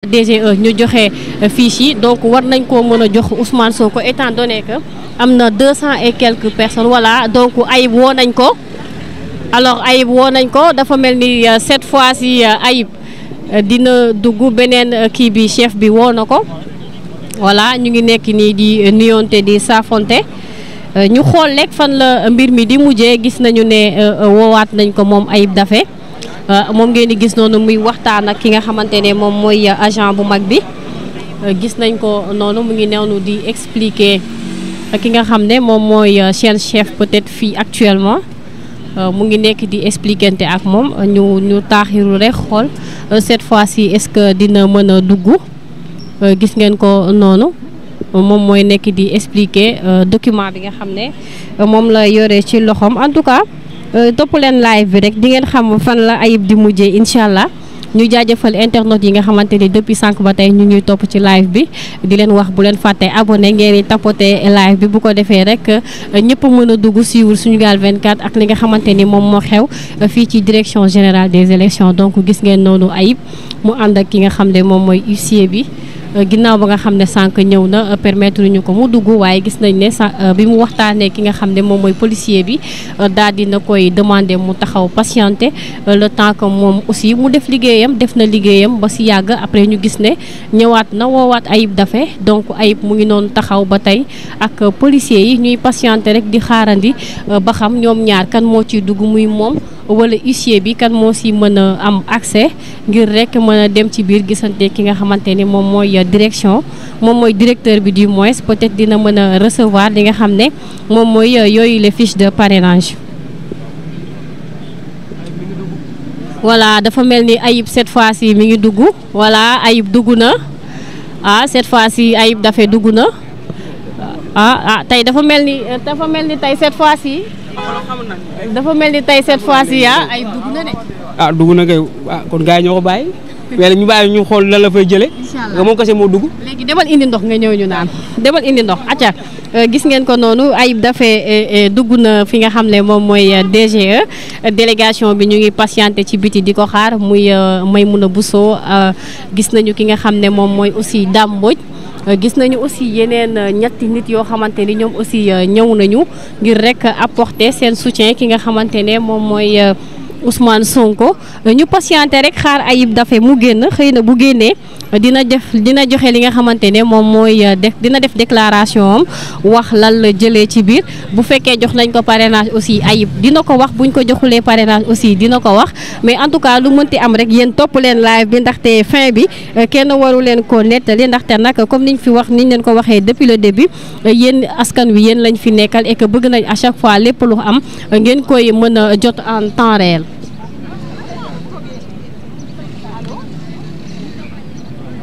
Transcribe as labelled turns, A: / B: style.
A: DGE ñu joxe euh, fiche yi donc war nañ ko mën a jox Ousmane ko étant donné que am na deux cent et quelques personnes voilà donc Ayib woo nañ ko alors Ayib woo nañ ko dafa mel ni euh, cette fois ci euh, Ayib dina dugg beneen kii bi chef bi woo na ko wala ñu ngi nekk nii di nuyonte di safonte ñu xool lekk fan la mbir mi di mujjee gis nañu ne woowaat nañ ko moom Ayib Daffé Euh, moom ngeen di gis noonu muy waxtaan ak ki nga xamante ne moom mooy euh, agent bu mag bi euh, gis nañ ko noonu mu ngi neewnu di expliquer ki nga xam ne moom mooy seen chef peut-être fii actuellement mu ngi nekk di expliquente ak moom ñu ñu taaxiru rek xool cette fois si est-ce que dina mën a dugg gis ngeen ko noonu moom mooy nekk di expliquer document bi nga xam ne moom la yore ci loxom en tout cas Euh, topp leen live bi rek di ngeen xam fan la ayib di mujjee incha allah ñu jaajëfal internet yi nga xamante ni depuis sànq ba tey ñu ñuy topp ci live bi di leen wax bu leen fàtte abone ngeen di tapote live bi bu ko defee rek euh, ñëpp mën a dugg suivre Sunugal 24 ak li nga xamante ni moom moo xew euh, fii ci direction général des élections donc gis ngeen noonu ayib mu ànd ak ki nga xam ne moom mooy huissier bi. Euh, ginnaaw ba nga xam ne sànq ñëw na euh, permettre ñu ko mu dugg waaye gis nañ ne euh, bi mu waxtaanee ki nga xam ne moom mooy policier bi daal di na koy demander mu taxaw patienter le temps que moom aussi mu def liggéeyam def na liggéeyam ba si yàgg après ñu gis ne ñëwaat na woowaat Ayib dafe donc Ayib mu ngi noonu taxaw ba tey ak policier yi ñuy patienter rek di xaarandi ba xam ñoom ñaar kan moo ciy dugg muy moom. wala huissier bi kan moo si mën a am accès ngir rek mën a dem ci biir gisante ki nga xamante ni moom mooy direction moom mooy directeur bi di moins peut-être dina mën a recevoir di nga xam ne moom mooy euh, yooyu les fiches de parrainage. voilà dafa mel ni Ayib set fois ci mi ngi dugg voilà Ayib dugg na ah cette fois ci Ayib dafay dugg na ah ah dafa mel ni euh, dafa mel ni tey cette fois ci dafa mel ni tey cette fois ci yaa ah, ay dugg na de. ah dugg na kay ah kon gars yi ñoo ko bàyyi. wala ñu bàyyi ñu xool lan la fay jëlee. incha allah moom kese moo dugg. demal indi ndox nga ñëw ñu naan demal indi ndox acca euh, gis ngeen ko noonu Ayib Daffé eh, eh, dugg na fi nga xam ne moom mooy euh, DGE euh, délégation bi ñu ngi patienté ci biti di ko xaar muy may a Maymouna Bousso gis nañu ki nga xam ne moom mooy aussi Dame Euh, gis nañu aussi yeneen euh, ñetti nit yoo xamante ni ñoom aussi euh, ñëw nañu ngir rek apporter seen soutien ki nga xamante ne moom mooy. Ousmane Sonko ñu patienté rek xaar Ayib Daffé mu génn xëy na bu génnee dina def dina joxe li nga xamante ne moom mooy euh, def dina def déclaration am wax lan la jëlee ci biir bu fekkee jox nañ ko parrainage aussi Ayib dina ko wax buñ ko joxulee parrainage aussi dina ko wax mais en tout cas lu mënti am rek yéen topp leen live bi ndaxte fin bi euh, kenn waru leen ko nettali ndaxte nag comme niñ fi wax niñ leen ko waxee depuis le début euh, yéen askan wi yéen lañ fi nekkal et bëgg nañ à chaque fois lépp lu am ngeen koy mën a jot en temps réel